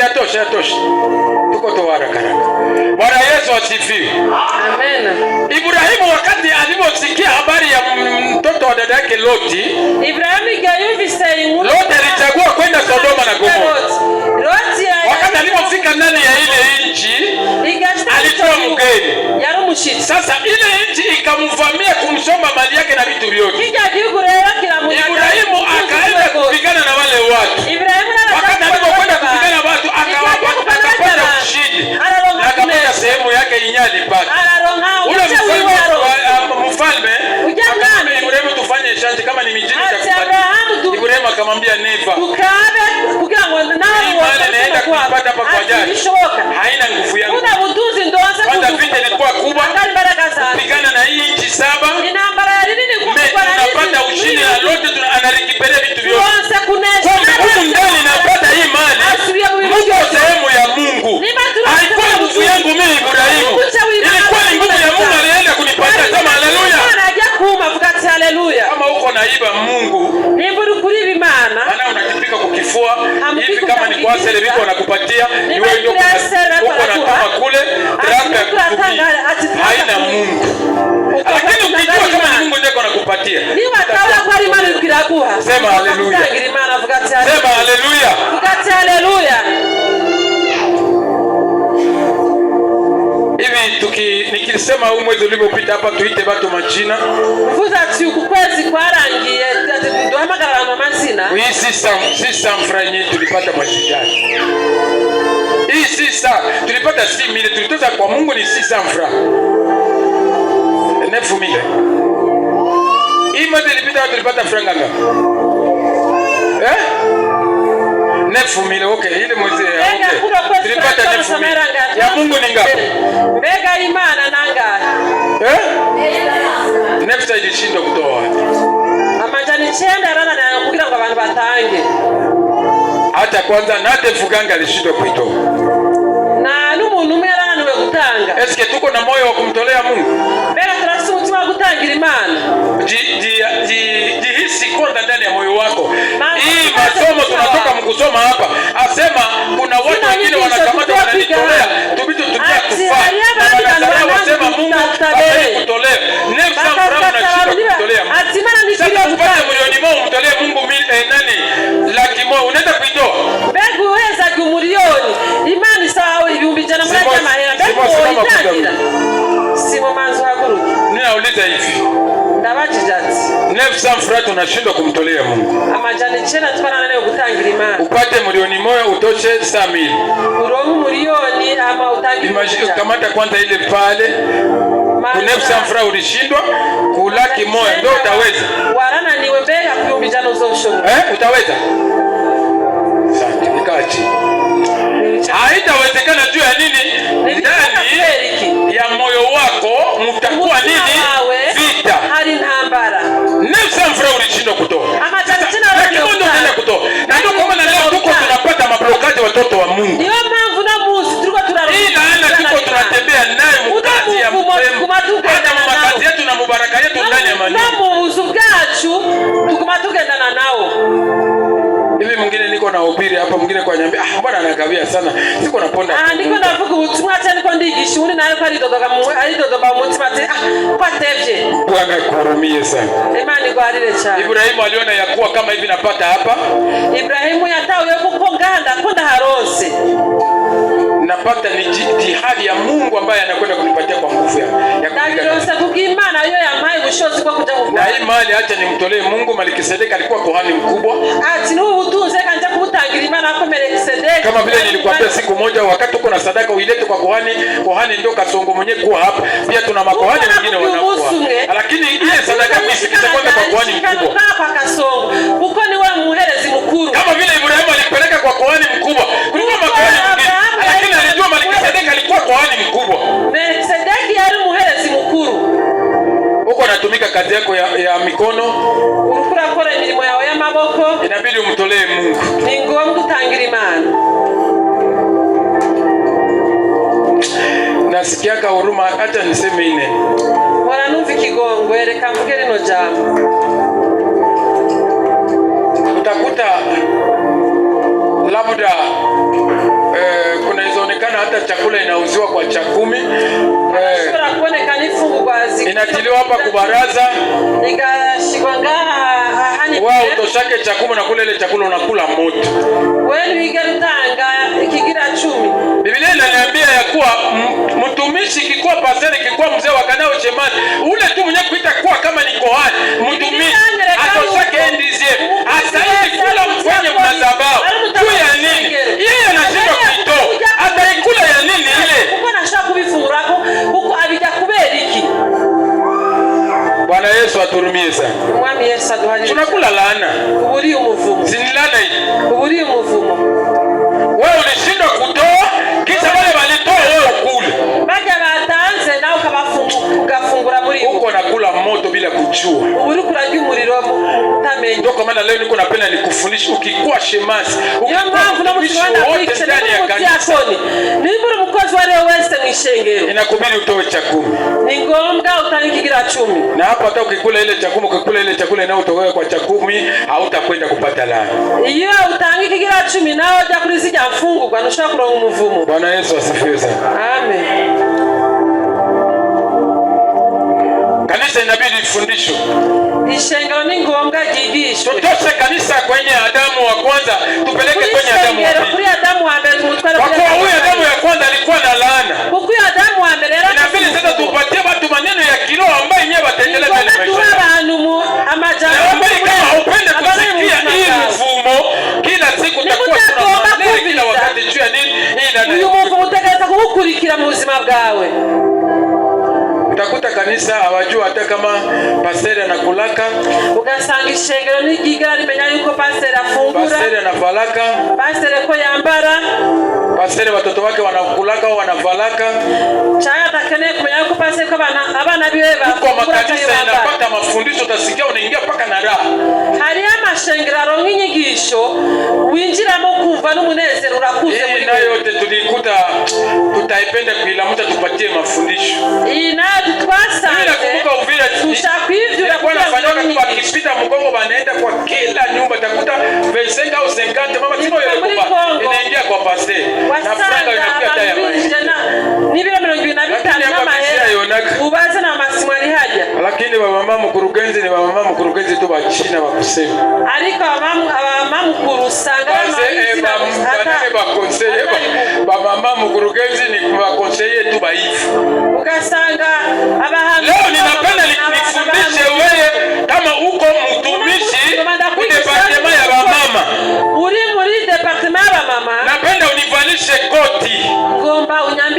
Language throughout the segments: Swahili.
Basi yatosha, yatosha, tuko towara karaka haraka. Bwana Yesu asifiwe. Amen. Ibrahimu wakati aliposikia habari ya mtoto wa dada yake Loti, Loti alichagua kwenda Sodoma na Gomora. Wakati alipofika ndani ya ile nchi alikuwa mgeni. Sasa ile nchi ikamvamia kumsoma mali yake na vitu vyote akamwambia neva, naenda kupata hapa kwa jadi haina nguvu yangu, kuna ndo anza kwa vita ilikuwa kubwa kupigana na hii nchi saba, ya nini nini kwa kwa tunapata ushindi na lote analikipelia vitu vyote. kwanza kuna Kumbe huko ndani napata hii mali, wa sehemu ya Mungu. Haikuwa nguvu yangu mimi Ibrahimu, ilikuwa ni nguvu ya Mungu alienda kunipata kama haleluya! Kama uko naiba Mungu kutoa hivi, kama ni kwa sasa hivi wanakupatia ni wewe ndio uko na kama kule raka kutubi haina Mungu, lakini ukijua kama ni Mungu ndio anakupatia sema haleluya, sema haleluya. Mimi tuki nikilisema huu mwezi ulivyopita hapa tuite batu majina. Mvuza tsiku kwezi kwa rangi ndio magarama mazina. Hii sisa sisa mfranye tulipata mashindano. Hii sisa tulipata 6000 tulitoza kwa Mungu ni 600 francs. 9000. Hii mwezi ilipita tulipata franga ngapi? Eh? nefumile okay ile mwezi tulipata nefumile ya Mungu ni ngapi? Mbega imana nanga eh nefta ilishinda kutoa amajani chenda rana na kugira kwa bantu batange hata kwanza nate fuganga alishinda kuitoa na n'umuntu umwe yaraniwe gutanga eske tuko na moyo wa kumtolea Mungu mbega turasubutswa gutangira imana ji ji ji Yesu kwanza ndani ya moyo wako. Hii masomo tunatoka mkusoma hapa, asema kuna watu wengine wanakamata wanajitolea tubidi tutia kufaa na wasema Mungu abaye kutolea nefsa mbramu na shida kutolea sasa, kupata milioni moja umtolee Mungu mil, eh, nani laki moja unaenda kuitoa mbegu weza kumulioni imani sawa hivi umbijana mlaji ama hela mbegu simo manzo hakuru ninauliza hivi nefsa za mfurati unashindwa kumtolea Mungu. upate milioni moyo utoshe saa mili uronke kamata kwanza ile pale kunefsa ya mfura ulishindwa kulaki moyo ndo utaweza warananiwe mbega kuyumba ijana uzoshobora eh, utaweza haitawezekana juu ya nini ndani ya moyo wako mtakuwa nini ameshindwa kutoa. Lakini kutoa. Na ndio kwa maana leo tuko tunapata mablokaji watoto wa Mungu. Ndio maana tunamusi tuko tunarudi. Ila ana tuko tunatembea naye mkazi ya Mungu. Hata makazi yetu na mubaraka yetu ndani ya maneno. Na mubuzu bwacu tukumatugendana nao. Hivi mwingine niko nahubiri hapa, mwingine kwa nyambia, ah, mbona anagawia sana, siko naponda. Ah, niko navuga ubutumwa cyane ko ndigisha undi nayo ko aridodoka mu aridodoka mu mutima ati upatevye. Bwana kurumie sana. ni kwa igwarire cha Ibrahimu aliona ya kuwa kama hivi napata hapa. Ibrahimu yatawe ya kukonganda kunda harose napata ni jitihadi ya Mungu ambaye anakwenda kunipatia kwa nguvu ya na hii mali, acha nimtolee Mungu. Melkisedeki alikuwa kuhani mkubwa ati nuhu utunze kanja kama vile nilikwambia siku moja, wakati uko na sadaka uilete kwa kuhani. Kuhani ndio kasongo mwenye kuwa hapa, pia tuna makuhani wengine wanakuwa, lakini ile sadaka kuifikisha kwanza kwa kuhani mkubwa, kama vile Ibrahimu alipeleka kwa kuhani mkubwa. Kulikuwa makuhani wengine, lakini alijua Melkisedeki alikuwa kuhani mkubwa. Melkisedeki yari muherezi mukuru, uko anatumika kazi yako ya, ya mikono, milimo yao ya maboko hivyo mtolee Mungu. Ni ngombwa utangira Imana. Nasikiaka huruma, acha niseme ine hora numva kigongo, reka mvuge rino jambo. Utakuta labda eh, izonekana hata chakula inauziwa kwa chakumi eh, inatiliwa hapa kubaraza wao utoshake chakula na kula ile chakula unakula moto. Biblia inaniambia ya kuwa mtumishi kikuwa pasere kikuwa mzee wa kanao chemani ule tu mwenye kuita kuwa kama ni kohani mtumishi atoshake ndizie asaidi kula mfanye madhabahu yaani juu ya nini? Yeye anashindwa kuitoa ataikula ya nini ile? Bwana Yesu aturumie. la lana maana leo niko napenda nikufundishe, ukikuwa shemasi, ukikuwa mtumishi ndani ya kanisa, nimbura wese inakubidi utoe Ni ngombwa chumi, na hapo hata ukikula ile cha ukikula ile chakula inayotolewa kwa chakumi, hautakwenda kupata laana. Iyo utange kigira chumi, na uja kulizija mfungu kwa ntushobora kuronka umuvumo. Bwana Yesu asifiwe sana, amen. Kanisa inabidi ifundishwe ishengero ni ngombwa tutoshe kanisa kwenye Adamu wa kwanza tupeleke kwenye Adamu wa kuri Adamu wa mbere tumutware kwa kuwa huyu Adamu ya kwanza alikuwa na laana kwa kuwa Adamu wa mbere era inabidi sasa tupatie watu maneno ya kiroho ambayo yenyewe wataendeleza maisha yao tuwe abantu mu amajambo ambayo kama upende kusikia hii mfumo kila siku takuwa tunasema kila wakati juu ya nini hii ndio uyu mvumo utagaragaza mu buzima bwawe katika kanisa hawajua hata kama paseri anakulaka, ugasanga ishengero n'igiga rimenya yuko paseri afungura, paseri anavalaka, paseri ko yambara, paseri watoto wake wanakulaka au wanavalaka chaya huko makanisa inapata mafundisho, utasikia unaingia paka na raha. Hari amashengero nk'inyigisho winjiramo kumva n'umunezero urakuze. Hii eh, nayo yote tulikuta, tutaipenda kuilamuta, tupatie mafundisho. Hii nayo Nakumbuka Uvira tushakwivyo nafanyaka tu, wakipita mgongo wanaenda kwa kila nyumba, takuta 25 au 50 mama tino yoyote inaingia kwa pasteur na franga mama mukurugenzi ni mama mukurugenzi tu bachina kusema. ariko mama mukurusanga abamama mukuru konseye eh, bakonseye mama mukurugenzi ni konseye tu baifu ugasanga abahanzi leo ninapenda nikufundishe wewe kama uko mtumishi departema ya mama. uri muri departema ya mama. napenda univalishe koti Gomba unya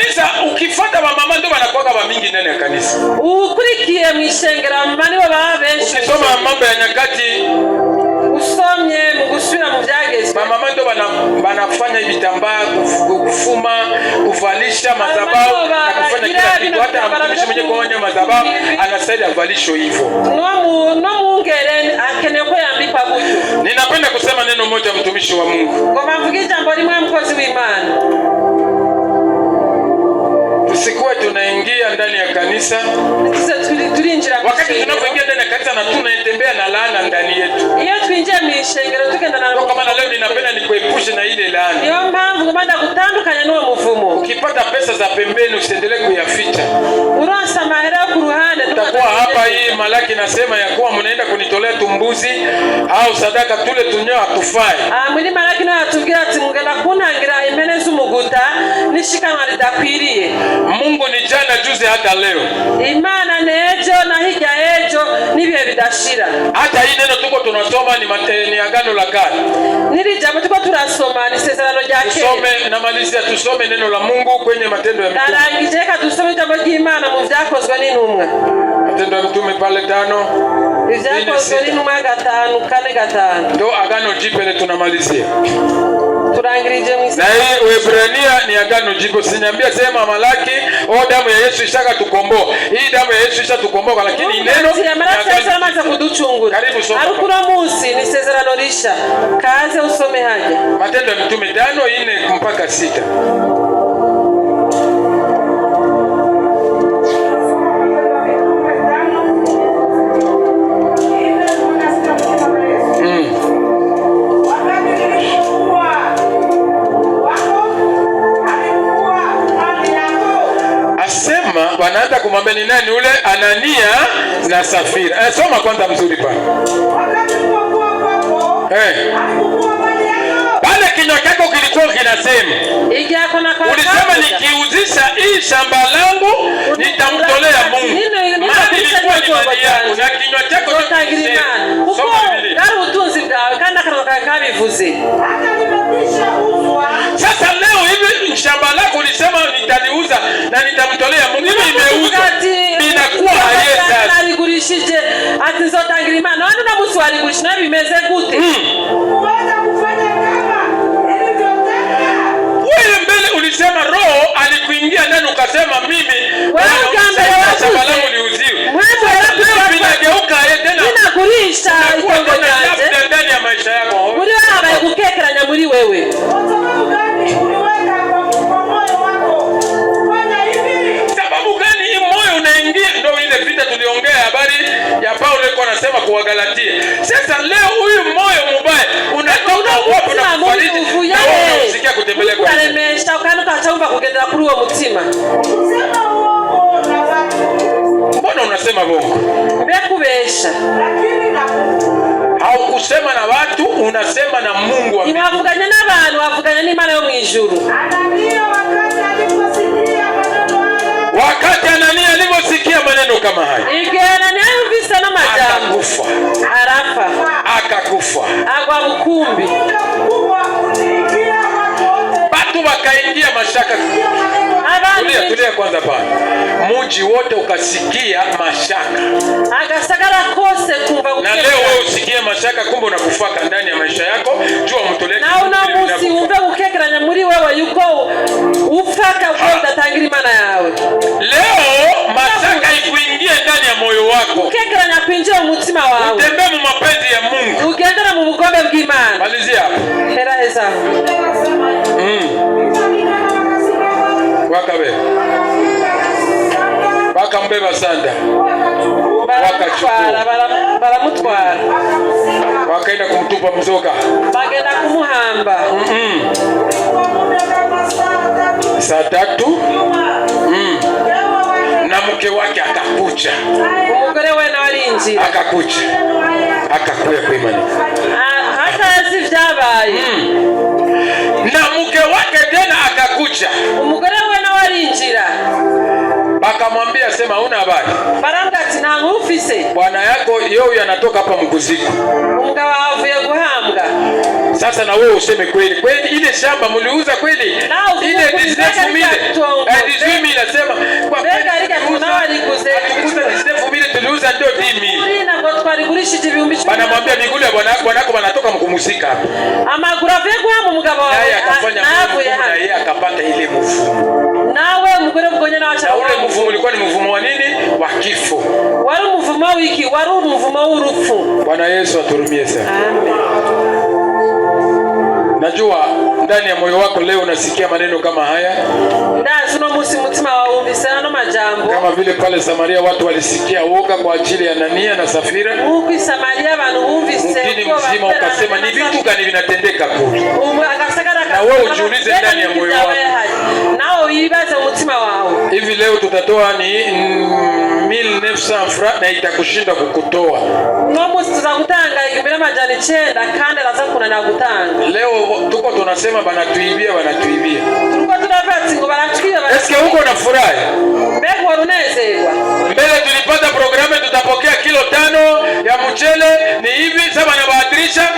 kanisa ukifata bamama ndo banakuwaga bamingi ndani ya kanisa, ukurikiye mu ishengero abamama nibo baba benshi. Ukisoma mambo ya nyakati, usomye mu gusubira mu byageze, bamama ndo banafanya vitambaa, kufuma, kuvalisha madhabahu na kufanya kila kitu. Hata mtumishi mwenye kuonya madhabahu anastahili avalisho hivyo. Nomu mungere akeneye ko yambikwa gutyo. Ninapenda kusema neno moja, mtumishi wa Mungu, ngo mvuge ijambo rimwe, mkozi w'Imana Tusikuwa tunaingia ndani ya kanisa, wakati tunapoingia ndani ya kanisa na tunatembea na laana ndani yetu. Kwa maana leo ninapenda nikuepushe na ile laana. Ukipata pesa za pembeni usiendelee kuyaficha. takuwa hapa, hii Malaki nasema ya kuwa mnaenda kunitolea tumbuzi au sadaka tule tunyo hatufai. Ah, kuta nishikanwa ridakwiriye Mungu ni jana juzi hata leo Imana nejo na hija ejo nibihe bidashira hata hii neno tuko tunasoma ni mateni agano la kale nili jambo tuko tunasoma ni sezerano rya kale tusome na namalizia tusome neno la Mungu kwenye matendo ya mitume narangije tusome jambo imana mu vyakozwe n'intumwa matendo ya mtume pale tano ivyakozwe n'intumwa gatanu kane gatanu ndo agano jipele tunamalizia na hii Uebrania ni agano jipya. Usiniambia sema Malaki, oh, damu ya Yesu ishaka tukomboa. Hii damu ya Yesu ishaka tukomboa, lakini neno amaza kuducungura arukura munsi ni sezerano risha kaze usome haja Matendo ya Mitume tano ine mpaka sita. hapo, anaanza kumwambia ni nani ule Anania na Safira. Eh, soma kwanza mzuri pale. Eh. Pale kinywa chako kilikuwa kinasema. Ulisema nikiuzisha hii shamba langu nitamtolea Mungu. Mimi nilikuwa ni mali yako na kinywa chako kilikuwa kinasema. Soma Biblia bivuze. Sasa leo hivi shamba lako ulisema nitaliuza na nitamtolea Mungu, imeuzwa inakuwa aligulishije atizotangirima nani na musu aligulishi na bimeze gute hmm. wewe mbele ulisema roho alikuingia ndani ukasema mimi wewe ukaambia watu inagurisha itongo ryanjye muri we habaye gukekeranya muri wewe Wagalatia. Sasa leo huyu moyo mubaya unatoka wapi na kufariji? Unakusikia kutembelea kwa nini? Ukanemesha ukaenda ukachaumba kugendera kuri uwo mutima bado unasema bongo, bekubesha haukusema na watu, unasema na Mungu. Niwavuganya ni wavuganya n'Imana yo mwijuru. Wakati Anania aliposikia maneno kama hayo akakufa, arafa, akakufa, agwa bukumbi, batu wakaingia mashaka Tulia, tulia kwanza pale. Mji wote ukasikia mashaka. Agasagara kose kumva ukira. Na leo wewe usikie mashaka kumbe unakufaka ndani ya maisha yako. Jua mtoleke. Na una musiumve ukegeranya nyamuri wewe yuko ufaka kwa udatangira imana yawe. Leo mashaka ikuingie ndani ya moyo wako. Ukegeranya kwinjira umutima wawe. Utembee mu mapenzi ya Mungu. Ugendera mu bukombe bw'Imana. Malizia. Hera heza wakabe we basanda wakachukua baramutwara wakaenda kumutupa mzoka bagenda kumuhamba mm -mm. saa tatu mm. na mke wake akakucha umugore we nawe arinjira akakucha akakuya kwimanika Hmm. na mke wake tena akakuja umugore wena warinjira bakamwambia sema una habari ati tinangufise bwana yako yoyo anatoka hapa mkuziko umga wavuye guhambwa sasa na wewe useme kweli kweli ile shamba mliuza kweli ile 19000 18000 eh, nasema kwa kweli alikuza 19000 Niliuza ndio dimi. Banamwambia miguu ya bwana wako wanatoka mkumusika hapo. Ama kurafia kwa mugabo wawe. Naye akafanya na yeye akapata ile mvumo. Nawe mugore mgonye na wacha. Ule mvumo ulikuwa ni mvumo wa nini? Wa kifo. Wari mvumo wiki, wari mvumo urufu. Bwana Yesu aturumie sana. Amen. Najua ndani ya moyo wako leo unasikia maneno kama haya kama vile pale Samaria watu walisikia woga kwa ajili ya Anania na Safira, mjini mzima ukasema ni vitu gani vinatendeka kule? Na wewe ujiulize ndani ya moyo wako hivi leo tutatoa ni mm, tahmil nefsa na itakushinda kukutoa. Nomunsi majani chenda n'amajana laza kuna na kutanga Leo tuko tunasema bana tuibia bana tuibia Tuko tunavatsi ngo baratwiba. Eske huko unafurahi? Mbega wari unezerwa? Mbele tulipata programu tutapokea kilo tano ya mchele ni hivi sasa, banabaadilisha